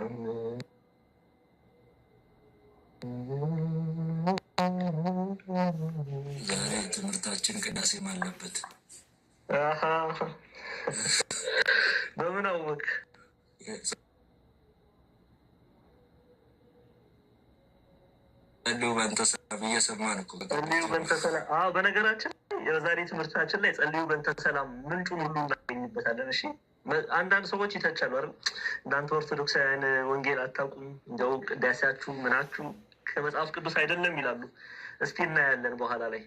ዛሬ ትምህርታችን ቅዳሴም አለበት። በምን አወቅ? ጸልዩ በእንተ ሰላም እየሰማን እኮ ጸልዩ በእንተ ሰላም። በነገራችን የዛሬ ትምህርታችን ላይ ጸልዩ በእንተ ሰላም ምንጩን ሁሉ እናገኝበታለን። እሺ አንዳንድ ሰዎች ይተቻሉ አይደል? እናንተ ኦርቶዶክሳውያን ወንጌል አታውቁም፣ እንደው ቅዳሴያችሁ ምናችሁ ከመጽሐፍ ቅዱስ አይደለም ይላሉ። እስቲ እናያለን በኋላ ላይ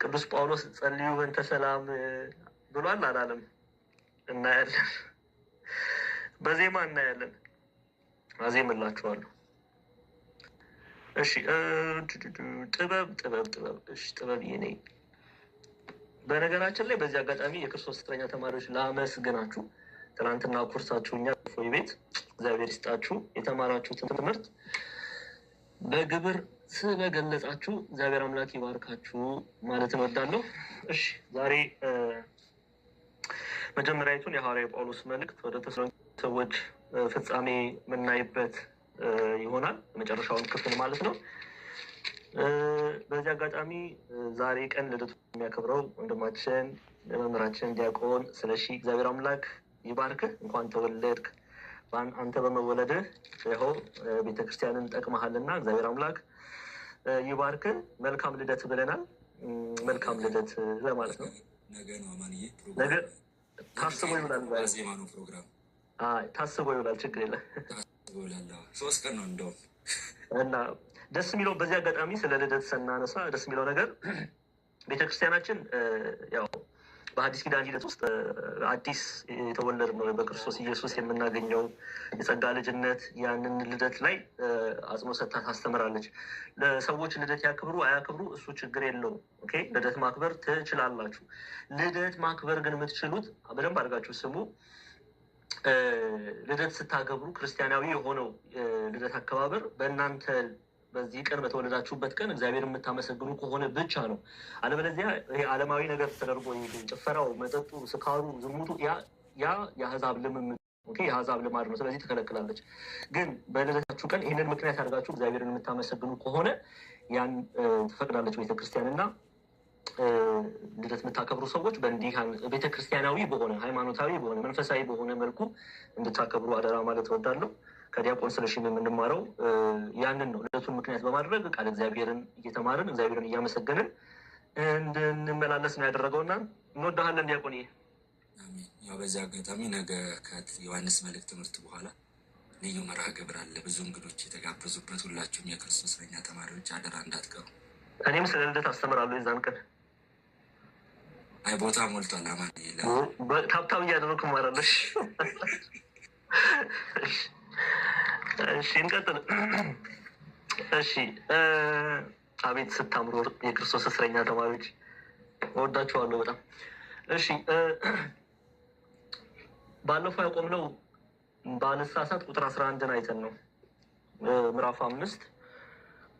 ቅዱስ ጳውሎስ ጸልዩ በእንተ ሰላም ብሏል አላለም? እናያለን፣ በዜማ እናያለን። አዜምላችኋለሁ። እሺ ጥበብ ጥበብ ጥበብ ጥበብ ጥበብ በነገራችን ላይ በዚህ አጋጣሚ የክርስቶስ ስጥረኛ ተማሪዎች ላመስግናችሁ። ትናንትና ኩርሳችሁ እኛ ፎይ ቤት እግዚአብሔር ይስጣችሁ። የተማራችሁትን ትምህርት በግብር ስለገለጻችሁ እግዚአብሔር አምላክ ይባርካችሁ ማለት እወዳለሁ። እሺ ዛሬ መጀመሪያዊቱን የሐዋርያ ጳውሎስ መልእክት ወደ ተሰሎንቄ ሰዎች ፍጻሜ የምናይበት ይሆናል። መጨረሻውን ክፍል ማለት ነው። በዚህ አጋጣሚ ዛሬ ቀን ልደቱ የሚያከብረው ወንድማችን መምህራችን ዲያቆን ስለሺ እግዚአብሔር አምላክ ይባርክህ። እንኳን ተወለድክ። አንተ በመወለድህ ይኸው ቤተክርስቲያንን ጠቅመሃልና እግዚአብሔር አምላክ ይባርክህ። መልካም ልደት ብለናል። መልካም ልደት ለማለት ነው። ነገ ታስቦ ይውላል። ታስቦ ይውላል። ችግር የለም። ሶስት ቀን ነው እንደውም እና ደስ የሚለው በዚህ አጋጣሚ ስለ ልደት ስናነሳ ደስ የሚለው ነገር ቤተክርስቲያናችን ያው በአዲስ ኪዳን ሂደት ውስጥ አዲስ ነው በክርስቶስ ኢየሱስ የምናገኘው የጸጋ ልጅነት ያንን ልደት ላይ አጽኖ ሰጥታ ታስተምራለች። ለሰዎች ልደት ያክብሩ አያክብሩ እሱ ችግር የለውም። ኦኬ ልደት ማክበር ትችላላችሁ። ልደት ማክበር ግን የምትችሉት በደንብ አድርጋችሁ ስሙ። ልደት ስታከብሩ ክርስቲያናዊ የሆነው ልደት አከባበር በእናንተ በዚህ ቀን በተወለዳችሁበት ቀን እግዚአብሔር የምታመሰግኑ ከሆነ ብቻ ነው። አለበለዚያ ይሄ ዓለማዊ ነገር ተደርጎ ጭፈራው፣ መጠጡ፣ ስካሩ፣ ዝሙቱ ያ የአህዛብ ልምምድ የአህዛብ ልማድ ነው። ስለዚህ ትከለክላለች። ግን በልደታችሁ ቀን ይህንን ምክንያት አድርጋችሁ እግዚአብሔርን የምታመሰግኑ ከሆነ ያን ትፈቅዳለች ቤተክርስቲያን እና ልደት የምታከብሩ ሰዎች በእንዲህ ቤተክርስቲያናዊ በሆነ ሃይማኖታዊ በሆነ መንፈሳዊ በሆነ መልኩ እንድታከብሩ አደራ ማለት እወዳለሁ። ከዲያቆን ስለሽም የምንማረው ያንን ነው። ልደቱን ምክንያት በማድረግ ቃል እግዚአብሔርን እየተማርን እግዚአብሔርን እያመሰገንን እንድንመላለስ ነው ያደረገውና እንወዳሃለን ዲያቆን። ያው በዚህ አጋጣሚ ነገ ከዮሐንስ መልእክት ትምህርት በኋላ ልዩ መርሃ ግብር አለ። ብዙ እንግዶች የተጋበዙበት ሁላችሁም የክርስቶስ ለኛ ተማሪዎች አደራ እንዳትቀሩ። እኔም ስለ ልደት አስተምራለሁ የዛን ቀን አይ ቦታ ሞልቷል። አማን አማታብታብ እያደረኩ ማረለሽ። እሺ እንቀጥል። እሺ አቤት ስታምሮ የክርስቶስ እስረኛ ተማሪዎች እወዳችኋለሁ በጣም። እሺ ባለፈው ያቆምነው በአነሳሳት ቁጥር አስራ አንድን አይተን ነው ምዕራፍ አምስት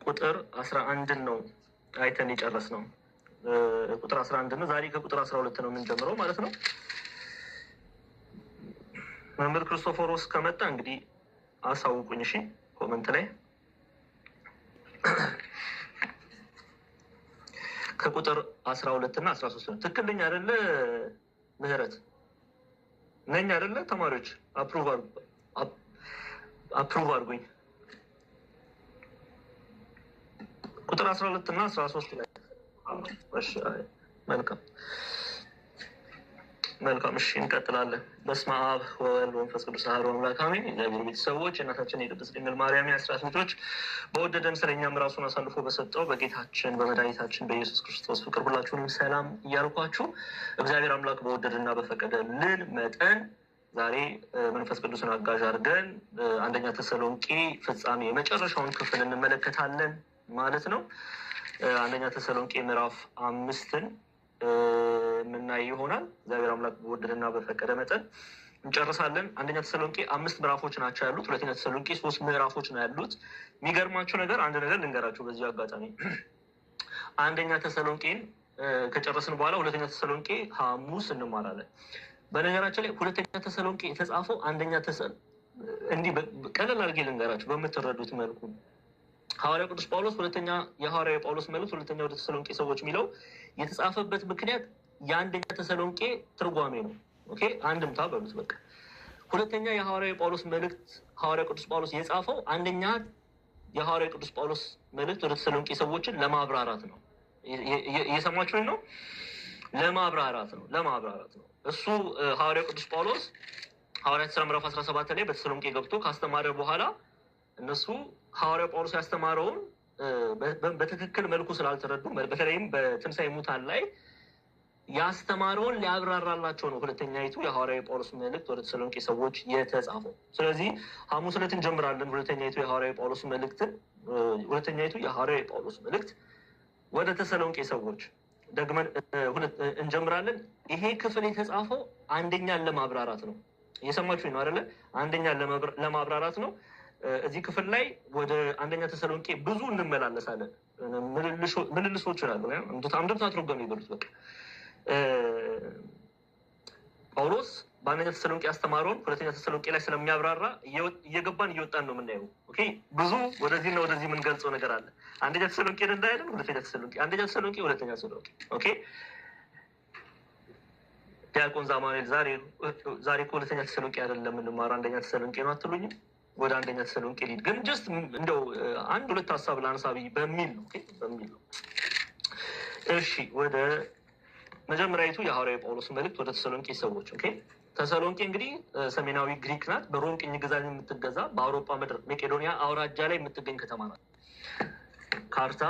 ቁጥር አስራ አንድን ነው አይተን የጨረስነው። ቁጥር አስራ አንድ ነው። ዛሬ ከቁጥር አስራ ሁለት ነው የምንጀምረው ማለት ነው። መምህር ክርስቶፎሮስ ከመጣ እንግዲህ አሳውቁኝ። እሺ ኮመንት ላይ ከቁጥር አስራ ሁለት እና አስራ ሶስት ነው። ትክክል ነኝ አይደለ? ምህረት ነኝ አይደለ? ተማሪዎች አፕሩቭ አድርጉኝ። ቁጥር አስራ ሁለት እና አስራ ሶስት ላይ መልካም መልካም እሺ፣ እንቀጥላለን። በስመ አብ ወወልድ ወመንፈስ ቅዱስ አሐዱ አምላክ አሜን። እግዚአብሔር ቤተሰቦች እናታችን የቅድስት ድንግል ማርያም የአስራት ልጆች በወደደን ስለ ራሱን አሳልፎ በሰጠው በጌታችን በመድኃኒታችን በኢየሱስ ክርስቶስ ፍቅር ሁላችሁንም ሰላም እያልኳችሁ እግዚአብሔር አምላክ በወደድና በፈቀደልን መጠን ዛሬ መንፈስ ቅዱስን አጋዥ አድርገን አንደኛ ተሰሎንቄ ፍጻሜ የመጨረሻውን ክፍል እንመለከታለን ማለት ነው። አንደኛ ተሰሎንቄ ምዕራፍ አምስትን የምናይ ይሆናል። እግዚአብሔር አምላክ በወደደና በፈቀደ መጠን እንጨርሳለን። አንደኛ ተሰሎንቄ አምስት ምዕራፎች ናቸው ያሉት። ሁለተኛ ተሰሎንቄ ሶስት ምዕራፎች ነው ያሉት። የሚገርማቸው ነገር አንድ ነገር ልንገራችሁ በዚህ አጋጣሚ አንደኛ ተሰሎንቄን ከጨረስን በኋላ ሁለተኛ ተሰሎንቄ ሐሙስ እንማራለን። በነገራችን ላይ ሁለተኛ ተሰሎንቄ የተጻፈው አንደኛ ተሰ እንዲህ ቀለል አድርጌ ልንገራችሁ በምትረዱት መልኩ ሐዋርያው ቅዱስ ጳውሎስ ሁለተኛ የሐዋርያው ጳውሎስ መልእክት ሁለተኛ ወደ ተሰሎንቄ ሰዎች የሚለው የተጻፈበት ምክንያት የአንደኛ ተሰሎንቄ ትርጓሜ ነው። ኦኬ አንድምታ በሉት በቃ። ሁለተኛ የሐዋርያው ጳውሎስ መልእክት ሐዋርያው ቅዱስ ጳውሎስ የጻፈው አንደኛ የሐዋርያው ቅዱስ ጳውሎስ መልእክት ወደ ተሰሎንቄ ሰዎችን ለማብራራት ነው። እየሰማችሁኝ ነው? ለማብራራት ነው። ለማብራራት ነው። እሱ ሐዋርያው ቅዱስ ጳውሎስ ሐዋርያት ስራ ምዕራፍ 17 ላይ በተሰሎንቄ ገብቶ ካስተማረ በኋላ እነሱ ሐዋርያው ጳውሎስ ያስተማረውን በትክክል መልኩ ስላልተረዱ በተለይም በትንሣኤ ሙታን ላይ ያስተማረውን ሊያብራራላቸው ነው። ሁለተኛይቱ የሐዋርያዊ ጳውሎስ መልእክት ወደ ተሰሎንቄ ሰዎች የተጻፈው። ስለዚህ ሐሙስ ዕለት እንጀምራለን። ሁለተኛይቱ የሐዋርያዊ ጳውሎስ መልእክትን ሁለተኛይቱ የሐዋርያዊ ጳውሎስ መልእክት ወደ ተሰሎንቄ ሰዎች ደግመን እንጀምራለን። ይሄ ክፍል የተጻፈው አንደኛን ለማብራራት ነው። እየሰማችሁ ነው አይደለ? አንደኛን ለማብራራት ነው። እዚህ ክፍል ላይ ወደ አንደኛ ተሰሎንቄ ብዙ እንመላለሳለን። ምልልሶችን አሉ አምድም ሳትሮገም ይበሉት በቃ ጳውሎስ በአንደኛ ተሰሎንቄ ያስተማረውን ሁለተኛ ተሰሎንቄ ላይ ስለሚያብራራ እየገባን እየወጣን ነው የምናየው። ብዙ ወደዚህ ወደዚህና ወደዚህ የምንገልጸው ነገር አለ። አንደኛ ተሰሎንቄ እንዳያለን፣ ሁለተኛ ተሰሎንቄ፣ አንደኛ ተሰሎንቄ፣ ሁለተኛ ተሰሎንቄ። ኦኬ ዲያቆን ዛማኔል ዛሬ ዛሬ ከሁለተኛ ተሰሎንቄ አይደለም የምንማረው አንደኛ ተሰሎንቄ ነው አትሉኝም? ወደ አንደኛ ተሰሎንቄ ልሂድ። ግን ጀስት እንደው አንድ ሁለት ሀሳብ ለአንሳቢ በሚል ነው በሚል ነው። እሺ ወደ መጀመሪያዊቱ የሐዋርያው ጳውሎስ መልእክት ወደ ተሰሎንቄ ሰዎች። ኦኬ ተሰሎንቄ እንግዲህ ሰሜናዊ ግሪክ ናት። በሮም ቅኝ ግዛት የምትገዛ በአውሮፓ ምድር መቄዶኒያ አውራጃ ላይ የምትገኝ ከተማ ናት። ካርታ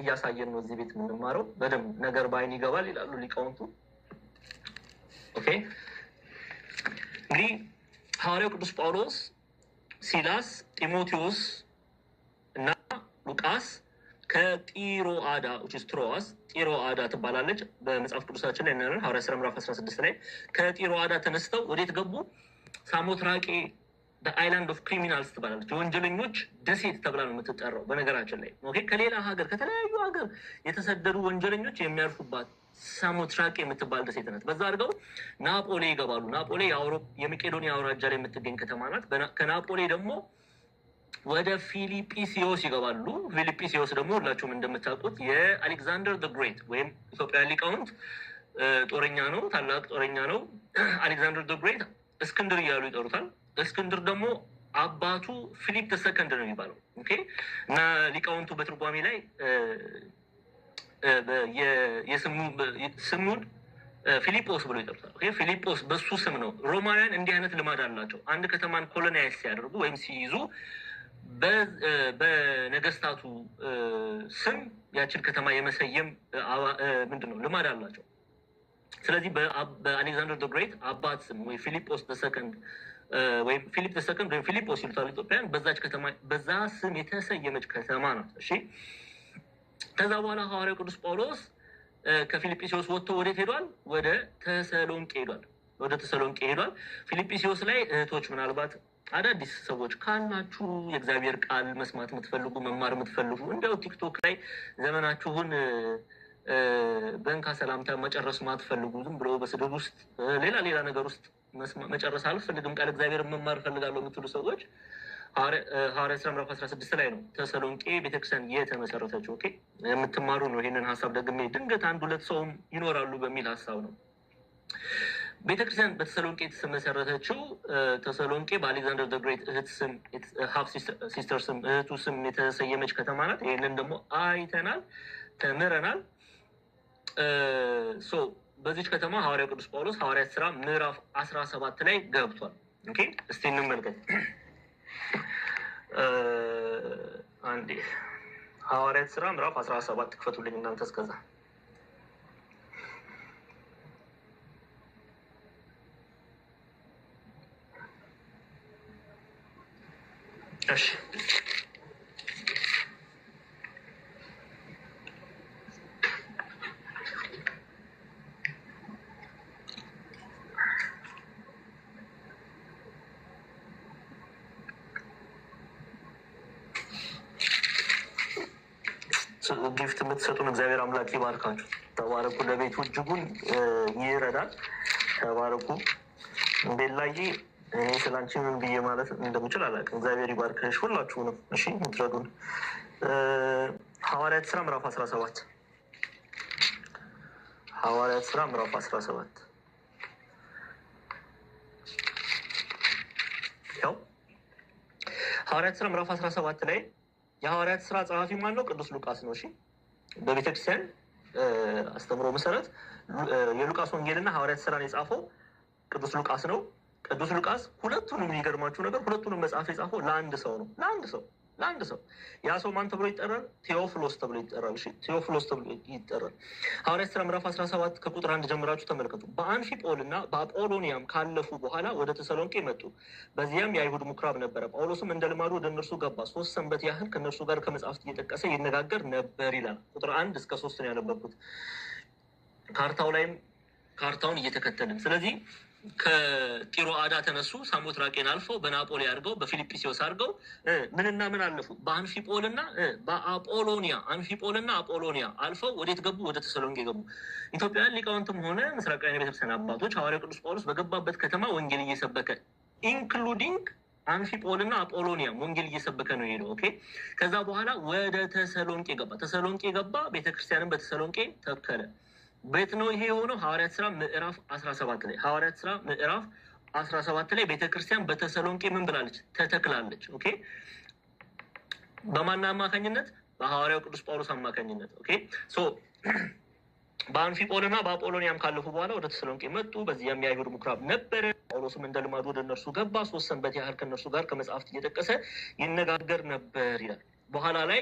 እያሳየን ነው እዚህ ቤት የምንማረው። በደንብ ነገር በአይን ይገባል ይላሉ ሊቃውንቱ። ኦኬ እንግዲህ ሐዋርያው ቅዱስ ጳውሎስ ሲላስ፣ ጢሞቴዎስ እና ሉቃስ ከጢሮ አዳ ከጢሮአዳ ጢሮ አዳ ትባላለች። በመጽሐፍ ቅዱሳችን ላይ እናያለን። ሐዋርያ ሥራ ምዕራፍ 16 ላይ ከጢሮ አዳ ተነስተው ወዴት ገቡ? ሳሞትራቄ በአይላንድ ኦፍ ክሪሚናልስ ትባላለች። የወንጀለኞች ደሴት ተብላ ነው የምትጠራው። በነገራችን ላይ ኦኬ፣ ከሌላ ሀገር ከተለያዩ ሀገር የተሰደዱ ወንጀለኞች የሚያርፉባት ሳሞትራቅ የምትባል ደሴት ናት። በዛ አድርገው ናፖሌ ይገባሉ። ናፖሌ የመቄዶኒያ አውራጃ ላይ የምትገኝ ከተማ ናት። ከናፖሌ ደግሞ ወደ ፊልጵስዮስ ይገባሉ። ፊልጵስዮስ ደግሞ ሁላችሁም እንደምታውቁት የአሌክዛንደር ደ ግሬት ወይም ኢትዮጵያ ሊቃውንት ጦረኛ ነው፣ ታላቅ ጦረኛ ነው። አሌክዛንደር ደ ግሬት እስክንድር እያሉ ይጠሩታል። እስክንድር ደግሞ አባቱ ፊሊፕ ተሰከንድ ነው የሚባለው። ኦኬ እና ሊቃውንቱ በትርጓሜ ላይ ስሙን ፊሊጶስ ብሎ ይጠሩታል። ፊሊጶስ በሱ ስም ነው። ሮማውያን እንዲህ አይነት ልማድ አላቸው። አንድ ከተማን ኮሎናይዝ ሲያደርጉ ወይም ሲይዙ በነገስታቱ ስም ያችን ከተማ የመሰየም ምንድን ነው ልማድ አላቸው። ስለዚህ በአሌክዛንደር ግሬት አባት ስም ወይ ፊሊጶስ ተሰከንድ ወይም ፊሊፕ ተሰከንድ ወይም ፊሊጶስ ይሉታል ኢትዮጵያን። በዛች ከተማ በዛ ስም የተሰየመች ከተማ ናት። እሺ ከዛ በኋላ ሐዋርያው ቅዱስ ጳውሎስ ከፊልጵስዎስ ወጥቶ ወዴት ሄዷል? ወደ ተሰሎንቄ ሄዷል። ወደ ተሰሎንቄ ሄዷል። ፊልጵስዎስ ላይ እህቶች፣ ምናልባት አዳዲስ ሰዎች ካላችሁ የእግዚአብሔር ቃል መስማት የምትፈልጉ መማር የምትፈልጉ እንዲያው ቲክቶክ ላይ ዘመናችሁን በእንካ ሰላምታ መጨረስ ማትፈልጉ ዝም ብሎ በስድብ ውስጥ ሌላ ሌላ ነገር ውስጥ መጨረስ አልፈልግም ቃል እግዚአብሔር መማር ፈልጋለሁ የምትሉ ሰዎች ሐዋርያ ስራ ምዕራፍ አስራ ስድስት ላይ ነው ተሰሎንቄ ቤተክርስቲያን የተመሰረተችው። ኦኬ የምትማሩ ነው። ይህንን ሀሳብ ደግሜ ድንገት አንድ ሁለት ሰውም ይኖራሉ በሚል ሀሳብ ነው። ቤተክርስቲያን በተሰሎንቄ የተመሰረተችው ተሰሎንቄ በአሌክዛንደር ደግሬት እህት ስም ሀፍ ሲስተር ስም እህቱ ስም የተሰየመች ከተማ ናት። ይህንን ደግሞ አይተናል፣ ተምረናል። በዚች ከተማ ሐዋርያ ቅዱስ ጳውሎስ ሐዋርያት ስራ ምዕራፍ አስራ ሰባት ላይ ገብቷል። ኦኬ እስቲ እንመልከት። አንዴ ሐዋርያት ስራ ምዕራፍ አስራ ሰባት ክፈቱልኝ እናንተ እስከዛ እሺ ጊፍት የምትሰጡን እግዚአብሔር አምላክ ይባርካችሁ። ተባረኩ። ለቤቱ እጅጉን ይረዳል። ተባረኩ። ቤላዬ እኔ ስላንቺ ምን ብዬ ማለት እንደምችል አላውቅም። እግዚአብሔር ይባርክሽ ሁላችሁንም። እሺ ምትረዱን ሐዋርያት ስራ ምዕራፍ አስራ ሰባት ሐዋርያት ስራ ምዕራፍ አስራ ሰባት ያው ሐዋርያት ስራ ምዕራፍ አስራ ሰባት ላይ የሐዋርያት ስራ ጸሐፊ ማን ነው? ቅዱስ ሉቃስ ነው። እሺ በቤተክርስቲያን አስተምሮ መሰረት የሉቃስ ወንጌልና ሐዋርያት ስራን የጻፈው ቅዱስ ሉቃስ ነው። ቅዱስ ሉቃስ ሁለቱንም የሚገርማችሁ ነገር ሁለቱንም መጽሐፍ የጻፈው ለአንድ ሰው ነው። ለአንድ ሰው ለአንድ ሰው ያ ሰው ማን ተብሎ ይጠራል? ቴዎፍሎስ ተብሎ ይጠራል። ቴዎፍሎስ ተብሎ ይጠራል። ሐዋርያት ሥራ ምዕራፍ 17 ከቁጥር አንድ ጀምራችሁ ተመልከቱ። በአንፊጶል እና በአጶሎኒያም ካለፉ በኋላ ወደ ተሰሎንቄ መጡ። በዚያም የአይሁድ ምኩራብ ነበረ። ጳውሎስም እንደ ልማዱ ወደ እነርሱ ገባ። ሶስት ሰንበት ያህል ከእነርሱ ጋር ከመጽሐፍት እየጠቀሰ ይነጋገር ነበር ይላል። ቁጥር አንድ እስከ ሶስት ነው ያነበብኩት። ካርታው ላይም ካርታውን እየተከተልን ስለዚህ አዳ ተነሱ። ሳሞትራቄን አልፈው በናፖሊ አድርገው በፊልጵስዮስ አድርገው ምንና ምን አለፉ? በአንፊጶልና በአጶሎኒያ አንፊጶልና አጶሎኒያ አልፈው ወዴት ገቡ? ወደ ተሰሎንቄ ገቡ። ኢትዮጵያውያን ሊቃውንትም ሆነ ምስራቃዊ ቤተክርስቲያን አባቶች ሐዋርያው ቅዱስ ጳውሎስ በገባበት ከተማ ወንጌል እየሰበከ ኢንክሉዲንግ አንፊጶል እና አጶሎኒያ ወንጌል እየሰበከ ነው የሄደው። ኦኬ። ከዛ በኋላ ወደ ተሰሎንቄ ገባ። ተሰሎንቄ ገባ፣ ቤተክርስቲያንን በተሰሎንቄ ተከለ። ቤት ነው ይሄ የሆነው ሐዋርያት ስራ ምዕራፍ አስራ ሰባት ላይ ሐዋርያት ስራ ምዕራፍ አስራ ሰባት ላይ ቤተክርስቲያን በተሰሎንቄ ምን ብላለች? ተተክላለች። ኦኬ በማና አማካኝነት በሐዋርያው ቅዱስ ጳውሎስ አማካኝነት። ኦኬ ሶ በአንፊጶልና በአጶሎኒያም ካለፉ በኋላ ወደ ተሰሎንቄ መጡ። በዚያም የአይሁድ ምኩራብ ነበረ። ጳውሎስም እንደ ልማዱ ወደ እነርሱ ገባ። ሶስት ሰንበት ያህል ከእነርሱ ጋር ከመጽሐፍት እየጠቀሰ ይነጋገር ነበር ይላል። በኋላ ላይ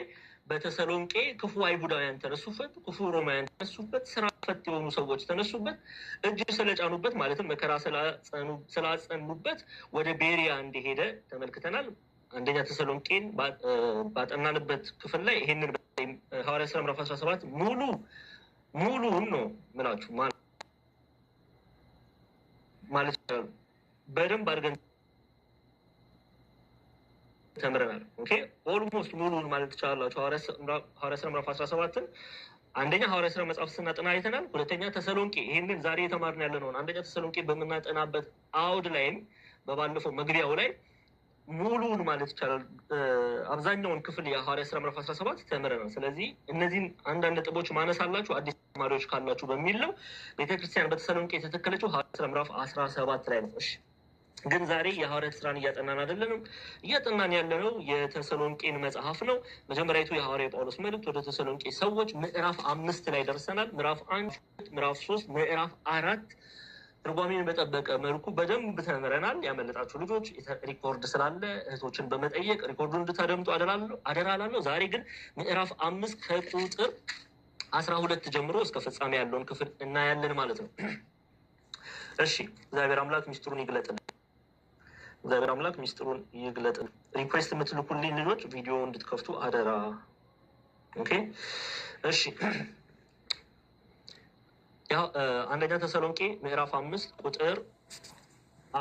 በተሰሎንቄ ክፉ አይሁዳውያን ተነሱበት፣ ክፉ ሮማውያን ተነሱበት፣ ስራ ፈት የሆኑ ሰዎች ተነሱበት። እጅ ስለጫኑበት ማለትም መከራ ስላጸኑበት ወደ ቤሪያ እንደሄደ ተመልክተናል። አንደኛ ተሰሎንቄን ባጠናንበት ክፍል ላይ ይህንን ሐዋርያ ስራ ምዕራፍ 17 ሙሉ ሙሉውን ነው ምላችሁ ማለት በደንብ አድርገን ተምረናል። ኦኬ ኦልሞስት ሙሉን ማለት ትችላላችሁ። ሐዋርያ ስራ ምዕራፍ አስራ ሰባትን አንደኛ ሐዋርያ ስራ መጽሐፍ ስናጠና አይተናል። ሁለተኛ ተሰሎንቄ ይህንን ዛሬ የተማርን ያለ ነውን አንደኛ ተሰሎንቄ በምናጠናበት አውድ ላይም በባለፈው መግቢያው ላይ ሙሉውን ማለት ይቻላል አብዛኛውን ክፍል የሐዋርያ ስራ ምዕራፍ አስራ ሰባት ተምረናል። ስለዚህ እነዚህን አንዳንድ ጥቦች ማነስ አላችሁ አዲስ ተማሪዎች ካላችሁ በሚል ነው። ቤተክርስቲያን በተሰሎንቄ የተተከለችው ሐዋርያ ስራ ምዕራፍ አስራ ሰባት ላይ ነው። እሺ ግን ዛሬ የሐዋርያት ስራን እያጠናን አይደለንም። እያጠናን ያለነው የተሰሎንቄን መጽሐፍ ነው። መጀመሪያቱ የሐዋርያ ጳውሎስ መልእክት ወደ ተሰሎንቄ ሰዎች ምዕራፍ አምስት ላይ ደርሰናል። ምዕራፍ አንድ፣ ምዕራፍ ሶስት፣ ምዕራፍ አራት ትርጓሜን በጠበቀ መልኩ በደንብ ተምረናል። ያመለጣችሁ ልጆች ሪኮርድ ስላለ እህቶችን በመጠየቅ ሪኮርዱ እንድታደምጡ አደራላለሁ። ዛሬ ግን ምዕራፍ አምስት ከቁጥር አስራ ሁለት ጀምሮ እስከ ፍጻሜ ያለውን ክፍል እናያለን ማለት ነው። እሺ እግዚአብሔር አምላክ ሚስጥሩን ይግለጥልን። እግዚአብሔር አምላክ ሚስጥሩን ይግለጥ። ሪኩዌስት የምትልኩልኝ ልጆች ቪዲዮ እንድትከፍቱ አደራ። ኦኬ እሺ። ያው አንደኛ ተሰሎንቄ ምዕራፍ አምስት ቁጥር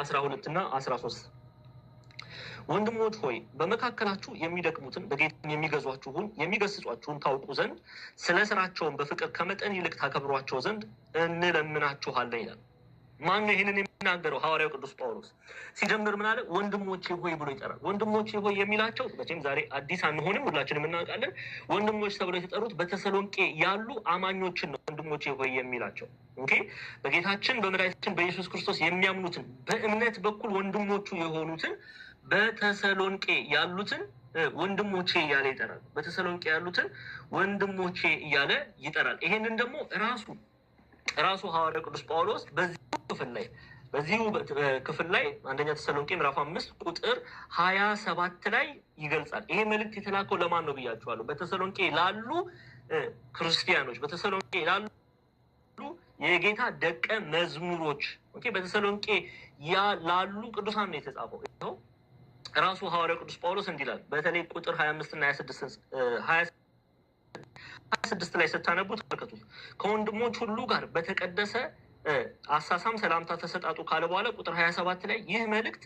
አስራ ሁለት እና አስራ ሶስት ወንድሞች ሆይ በመካከላችሁ የሚደክሙትን በጌታም የሚገዟችሁን የሚገስጿችሁን ታውቁ ዘንድ ስለ ስራቸውን በፍቅር ከመጠን ይልቅ ታከብሯቸው ዘንድ እንለምናችኋለን ይላል። ማን ይህንን የሚናገረው? ሐዋርያው ቅዱስ ጳውሎስ ሲጀምር ምን አለ? ወንድሞቼ ሆይ ብሎ ይጠራል። ወንድሞቼ ሆይ የሚላቸው መቼም ዛሬ አዲስ አንሆንም፣ ሁላችንም እናውቃለን። ወንድሞች ተብለው የተጠሩት በተሰሎንቄ ያሉ አማኞችን ነው ወንድሞቼ ሆይ የሚላቸው። ኦኬ በጌታችን በመድኃኒታችን በኢየሱስ ክርስቶስ የሚያምኑትን በእምነት በኩል ወንድሞቹ የሆኑትን በተሰሎንቄ ያሉትን ወንድሞቼ እያለ ይጠራል። በተሰሎንቄ ያሉትን ወንድሞቼ እያለ ይጠራል። ይሄንን ደግሞ ራሱ ራሱ ሐዋርያ ቅዱስ ጳውሎስ በዚሁ ክፍል ላይ በዚሁ ክፍል ላይ አንደኛ ተሰሎንቄ ምዕራፍ አምስት ቁጥር ሀያ ሰባት ላይ ይገልጻል። ይሄ መልእክት የተላከው ለማን ነው ብያቸዋለሁ? በተሰሎንቄ ላሉ ክርስቲያኖች፣ በተሰሎንቄ ላሉ የጌታ ደቀ መዝሙሮች፣ በተሰሎንቄ ላሉ ቅዱሳን ነው የተጻፈው። ይኸው ራሱ ሐዋርያ ቅዱስ ጳውሎስ እንዲላል በተለይ ቁጥር ሀያ አምስትና ሀያ ስድስት ስድስት ላይ ስታነቡት ተመልከቱ። ከወንድሞች ሁሉ ጋር በተቀደሰ አሳሳም ሰላምታ ተሰጣጡ ካለ በኋላ ቁጥር ሀያ ሰባት ላይ ይህ መልእክት